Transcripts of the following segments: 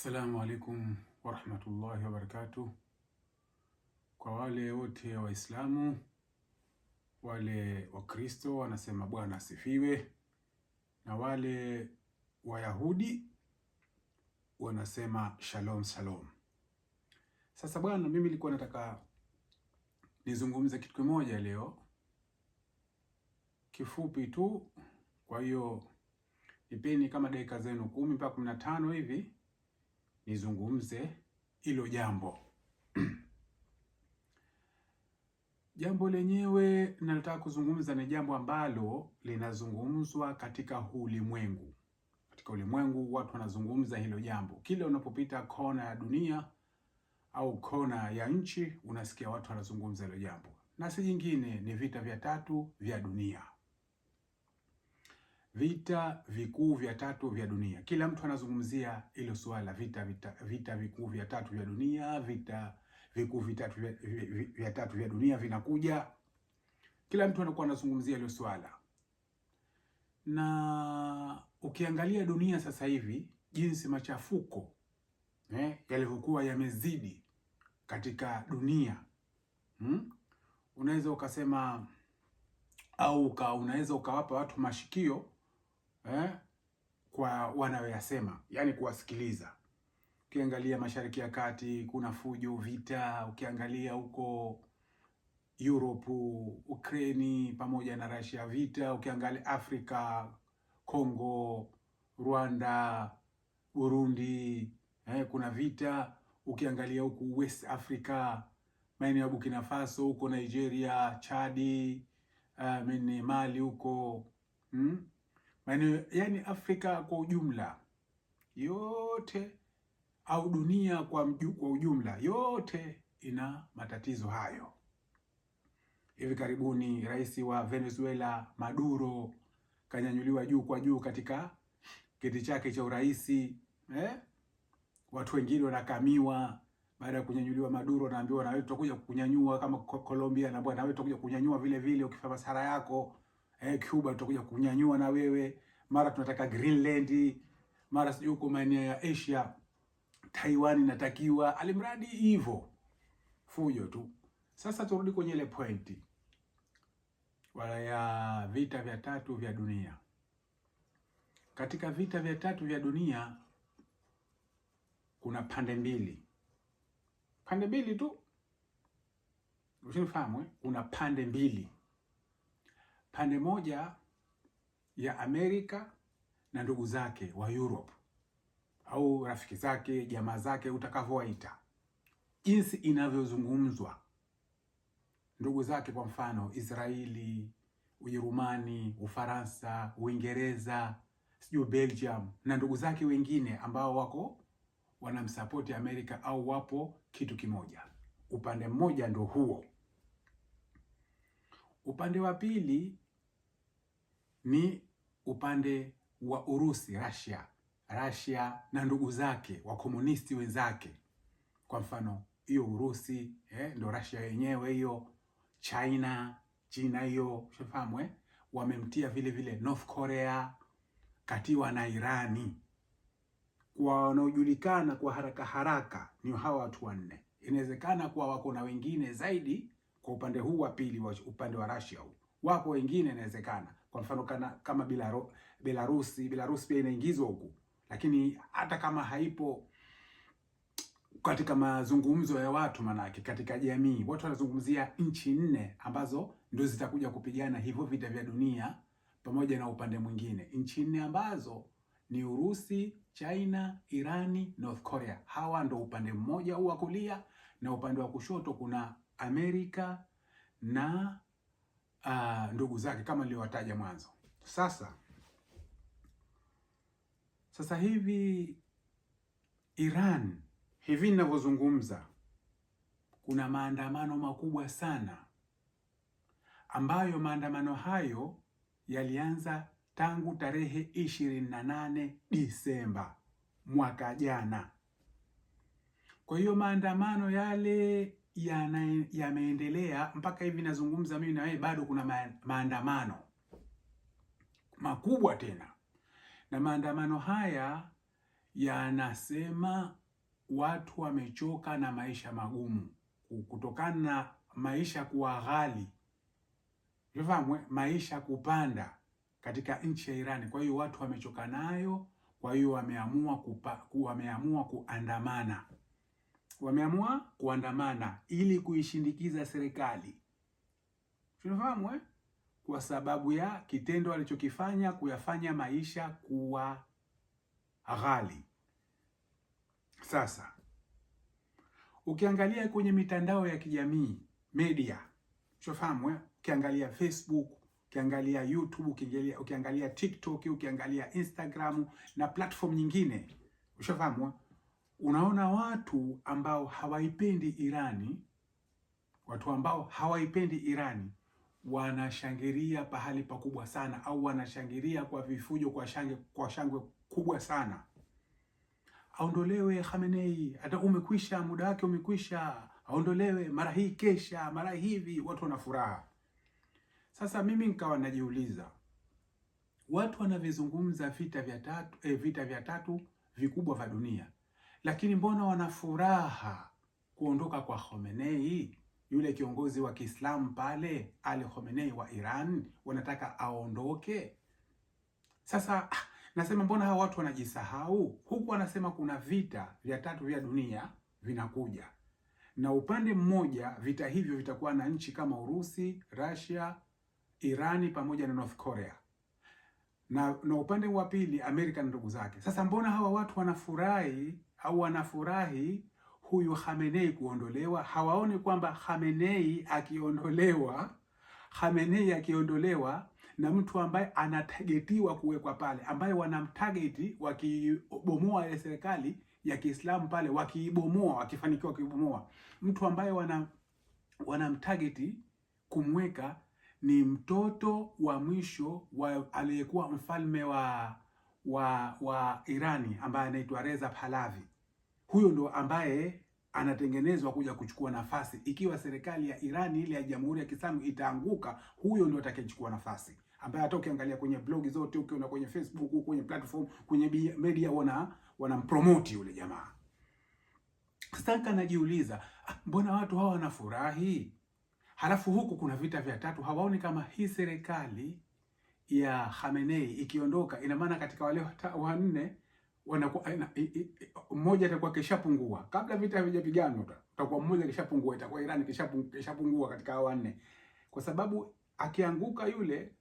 Assalamu alaikum warahmatullahi wabarakatuh. Kwa wale wote Waislamu, wale Wakristo wanasema Bwana asifiwe, na wale Wayahudi wanasema shalom shalom. Sasa bwana, mimi nilikuwa nataka nizungumze kitu kimoja leo kifupi tu, kwa hiyo nipeni kama dakika zenu kumi mpaka kumi na tano hivi nizungumze hilo jambo jambo lenyewe nalitaka kuzungumza ni jambo ambalo linazungumzwa katika ulimwengu. Katika ulimwengu watu wanazungumza hilo jambo, kila unapopita kona ya dunia au kona ya nchi, unasikia watu wanazungumza hilo jambo, na si jingine, ni vita vya tatu vya dunia. Vita vikuu vya tatu vya dunia. Kila mtu anazungumzia hilo swala vita vita, vita vikuu vya tatu vya dunia, vita vikuu vitatu vya, vya, vya tatu vya dunia vinakuja. Kila mtu anakuwa anazungumzia hilo swala na ukiangalia dunia sasa hivi jinsi machafuko eh, yalivyokuwa yamezidi katika dunia hmm? Unaweza ukasema au unaweza ukawapa watu mashikio eh, kwa wanayoyasema, yaani kuwasikiliza. Ukiangalia Mashariki ya Kati kuna fujo, vita. Ukiangalia huko Europe, Ukraini pamoja na Russia, vita. Ukiangalia Afrika, congo Rwanda, Burundi, eh, kuna vita. Ukiangalia huku West Africa, maeneo ya Burkina Faso, huko Nigeria, Chadi, uh, Mali huko hmm? maeneo yani Afrika kwa ujumla yote au dunia kwa, mju, kwa ujumla yote ina matatizo hayo. Hivi karibuni rais wa Venezuela Maduro kanyanyuliwa juu kwa juu katika kiti chake cha urais eh? Watu wengine wanakamiwa baada ya kunyanyuliwa. Maduro naambiwa na wewe tutakuja kukunyanyua kama Colombia, anaambiwa na wewe tutakuja kunyanyua vile vile ukifanya masara yako eh, Cuba tutakuja kunyanyua na wewe, mara tunataka Greenland, mara sijui huko maeneo ya Asia, Taiwan inatakiwa, alimradi hivyo fujo tu. Sasa turudi kwenye ile pointi wala ya vita vya tatu vya dunia. Katika vita vya tatu vya dunia kuna pande mbili, pande mbili tu, usinifahamu eh? Kuna pande mbili pande moja ya Amerika na ndugu zake wa Europe au rafiki zake, jamaa zake, utakavyowaita, jinsi inavyozungumzwa ndugu zake, kwa mfano Israeli, Ujerumani, Ufaransa, Uingereza, sijui Belgium na ndugu zake wengine ambao wako wanamsapoti Amerika au wapo kitu kimoja. Upande mmoja ndo huo. Upande wa pili ni upande wa Urusi, Russia, Russia na ndugu zake wakomunisti wenzake. Kwa mfano hiyo Urusi eh, ndo Russia yenyewe hiyo, China China hiyo shafahamu eh? Wamemtia vile vile North Korea, katiwa na Irani. Kwa wanaojulikana kwa haraka haraka ni hawa watu wanne. Inawezekana kuwa wako na wengine zaidi kwa upande huu wa pili, upande wa Russia huu. Wapo wengine inawezekana, kwa mfano kana, kama Belarusi Belarusi Belarusi pia inaingizwa huku, lakini hata kama haipo katika mazungumzo ya watu, manake katika jamii watu wanazungumzia nchi nne ambazo ndio zitakuja kupigana hivyo vita vya dunia pamoja na upande mwingine, nchi nne ambazo ni Urusi, China, Irani, North Korea. Hawa ndo upande mmoja huu wa kulia, na upande wa kushoto kuna Amerika na uh, ndugu zake kama niliowataja mwanzo. Sasa sasa hivi Iran, hivi ninavyozungumza, kuna maandamano makubwa sana ambayo maandamano hayo yalianza tangu tarehe 28 Disemba mwaka jana. Kwa hiyo maandamano yale yameendelea mpaka hivi nazungumza mimi na wewe, bado kuna maandamano makubwa tena, na maandamano haya yanasema watu wamechoka na maisha magumu, kutokana na maisha kuwa ghali, vivamwe eh? maisha kupanda katika nchi ya Irani. Kwa hiyo watu wamechoka nayo, kwa hiyo wameamua kupa, wameamua kuandamana wameamua kuandamana ili kuishindikiza serikali. Tunafahamu eh? Kwa sababu ya kitendo alichokifanya kuyafanya maisha kuwa ghali. Sasa ukiangalia kwenye mitandao ya kijamii media, tunafahamu eh? Ukiangalia Facebook, ukiangalia YouTube, ukiangalia, ukiangalia TikTok, ukiangalia Instagram na platform nyingine, ushafahamu eh? unaona watu ambao hawaipendi Irani, watu ambao hawaipendi Irani wanashangilia pahali pakubwa sana, au wanashangilia kwa vifujo, kwa shange, kwa shangwe kubwa sana. Aondolewe Khamenei, hata umekwisha muda wake umekwisha, aondolewe mara hii, kesha mara hivi, watu wana furaha. Sasa mimi nikawa najiuliza watu wanavyozungumza vita vya tatu, eh, vita vya tatu vikubwa vya dunia lakini mbona wana furaha kuondoka kwa Khomeini, yule kiongozi wa Kiislamu pale, Ali Khomeini wa Iran, wanataka aondoke. Sasa ah, nasema mbona hawa watu wanajisahau, huku wanasema kuna vita vya tatu vya dunia vinakuja, na upande mmoja vita hivyo vitakuwa na nchi kama Urusi, Russia, Irani pamoja na North Korea na, na upande wa pili Amerika na ndugu zake. Sasa mbona hawa watu wanafurahi wanafurahi huyu Khamenei kuondolewa, hawaoni kwamba Khamenei akiondolewa, Khamenei akiondolewa na mtu ambaye anatagetiwa kuwekwa pale, ambaye wanamtageti wakibomoa ile serikali ya Kiislamu pale, wakiibomoa, wakifanikiwa kuibomoa, mtu ambaye wana wanamtageti kumweka ni mtoto wa mwisho wa aliyekuwa mfalme wa wa wa Irani ambaye anaitwa Reza Pahlavi. Huyo ndo ambaye anatengenezwa kuja kuchukua nafasi ikiwa serikali ya Irani ile ya Jamhuri ya Kiislamu itaanguka, huyo ndo atakayechukua nafasi, ambaye hata ukiangalia kwenye blogi zote, ukiona kwenye Facebook, kwenye platform, kwenye media wana wanampromote yule jamaa. Sasa najiuliza ah, mbona watu hawa wanafurahi? Halafu huku kuna vita vya tatu, hawaoni kama hii serikali ya Khamenei ikiondoka, ina maana katika wale wanne wanakuwa mmoja atakuwa kishapungua kabla vita havijapiganwa, utakuwa mmoja kishapungua, itakuwa Iran kishapungua katika hao wanne, kwa sababu akianguka yule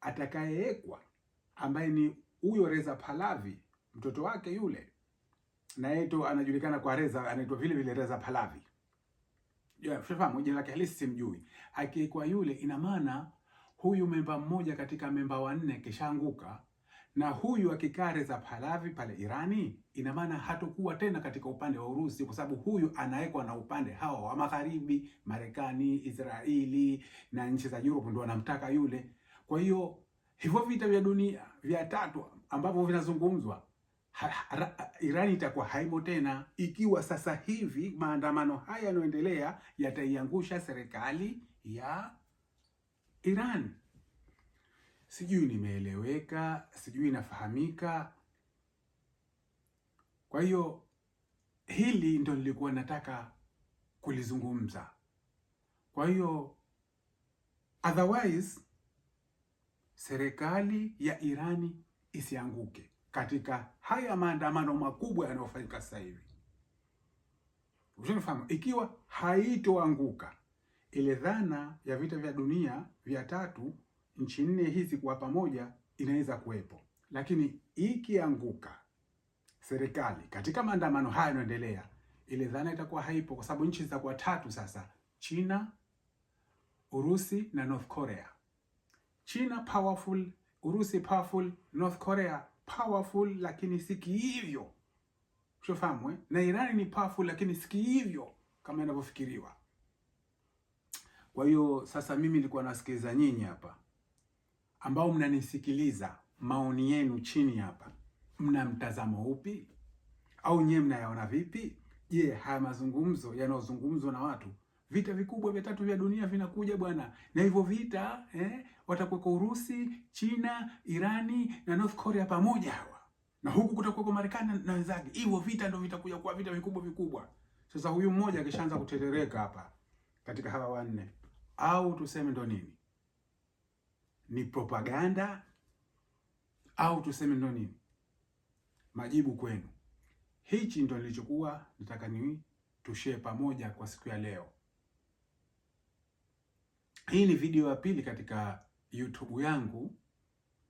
atakayewekwa ambaye ni huyo Reza Pahlavi, mtoto wake yule, na yeye tu anajulikana kwa Reza, anaitwa vile vile Reza Pahlavi, jina lake halisi simjui. Akiwekwa yule, ina maana huyu memba mmoja katika memba wanne kishaanguka, na huyu akikaa Reza Pahlavi pale Irani, ina maana hatokuwa tena katika upande wa Urusi, kwa sababu huyu anawekwa na upande hawa wa magharibi, Marekani, Israeli na nchi za Europe ndio wanamtaka yule. Kwa hiyo hivyo vita vya dunia vya tatu ambavyo vinazungumzwa Irani itakuwa haimo tena, ikiwa sasa hivi maandamano haya yanayoendelea yataiangusha serikali ya Iran. Sijui nimeeleweka, sijui inafahamika. Kwa hiyo hili ndo nilikuwa nataka kulizungumza. Kwa hiyo otherwise serikali ya Irani isianguke katika haya maandamano makubwa yanayofanyika sasa hivi. Ushanifahamu, ikiwa haitoanguka ile dhana ya vita vya dunia vya tatu, nchi nne hizi kwa pamoja inaweza kuwepo, lakini ikianguka serikali katika maandamano haya yanaendelea, ile dhana itakuwa haipo, kwa sababu nchi zitakuwa tatu sasa: China, Urusi na North Korea. China powerful, Urusi powerful, North Korea powerful, lakini siki hivyo ushafahamu eh? Na Irani ni powerful, lakini siki hivyo kama inavyofikiriwa. Kwa hiyo sasa mimi nilikuwa nasikiliza nyinyi hapa ambao mnanisikiliza, maoni yenu chini hapa, mna mtazamo upi? Au nyewe mnayaona vipi? Je, haya mazungumzo yanayozungumzwa na watu, vita vikubwa vya tatu vya dunia vinakuja bwana, na hivyo vita eh, watakuweko Urusi, China, Irani na North Korea pamoja hawa, na huku kutakuwa kwa Marekani na wenzake. Hivyo vita ndio vitakuja kuwa vita vikubwa vikubwa. Sasa huyu mmoja akishaanza kutetereka hapa katika hawa wanne au tuseme ndo nini, ni propaganda au tuseme ndo nini? Majibu kwenu. Hichi ndo nilichokuwa nataka ni tushare pamoja kwa siku ya leo. Hii ni video ya pili katika YouTube yangu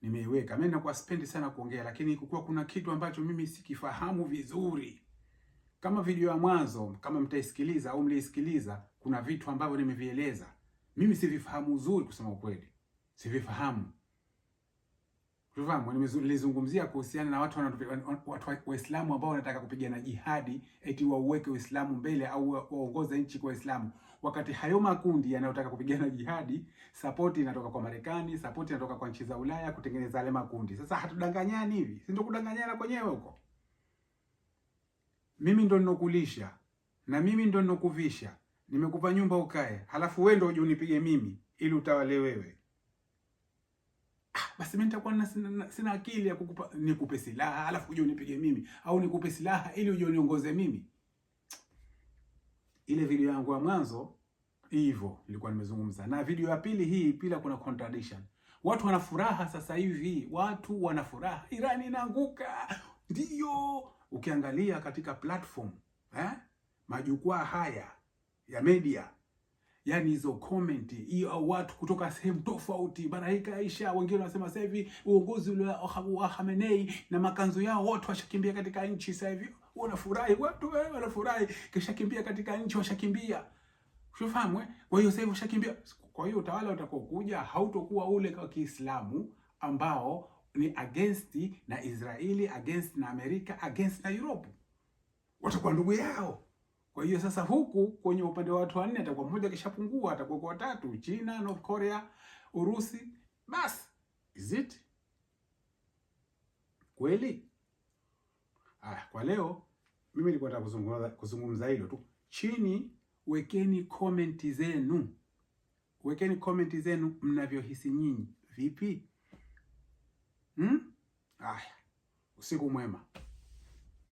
nimeiweka. Mimi nakuwa spendi sana kuongea, lakini kukuwa kuna kitu ambacho mimi sikifahamu vizuri, kama video ya mwanzo, kama mtaisikiliza au mliisikiliza, kuna vitu ambavyo nimevieleza mimi sivifahamu uzuri, kusema ukweli, sivifahamu. Nilizungumzia kuhusiana na watu Waislamu ambao wanataka kupigana jihadi, eti wauweke Uislamu mbele au waongoze nchi kwa Waislamu, wakati hayo makundi yanayotaka kupigana jihadi, sapoti inatoka kwa Marekani, support inatoka kwa nchi za Ulaya kutengeneza yale makundi. Sasa hatudanganyani hivi? Si ndio kudanganyana kwenyewe huko? Mimi ndo ninokulisha na mimi ndo ninokuvisha nimekupa nyumba ukae, halafu wewe ndio uje unipige mimi ili utawale wewe? Ah, basi mimi nitakuwa sina, sina akili ya kukupa nikupe silaha halafu uje unipige mimi, au nikupe silaha ili uje uniongoze mimi? Ile video yangu ya mwanzo hivyo nilikuwa nimezungumza, na video ya pili hii pila kuna contradiction. Watu wana furaha sasa hivi, watu wana furaha, Iran inaanguka Ndio Ukiangalia katika platform eh, majukwaa haya ya media, Yani hizo comment hiyo, watu kutoka sehemu tofauti, bana Malaika Aisha, wengine wanasema sasa hivi uongozi ule wa Khamenei na makanzu yao wote washakimbia katika nchi. Sasa hivi wanafurahi watu, eh, wanafurahi kisha kimbia katika nchi, washakimbia Ushafahamu eh? Kwa hiyo sasa hivi ushakimbia. Kwa hiyo utawala utakokuja hautokuwa ule kwa Kiislamu ambao ni against na Israeli, against na Amerika, against na Europe. Watakuwa ndugu yao. Kwa hiyo sasa huku kwenye upande wa watu wanne atakuwa mmoja kishapungua, atakuwa kwa watatu: China, North Korea, Urusi. Basi is it kweli? Ah, kwa leo mimi nilikuwa nataka kuzungumza kuzungumza hilo tu. Chini wekeni komenti zenu, wekeni komenti zenu mnavyohisi nyinyi, vipi? Hmm? Aya, usiku mwema.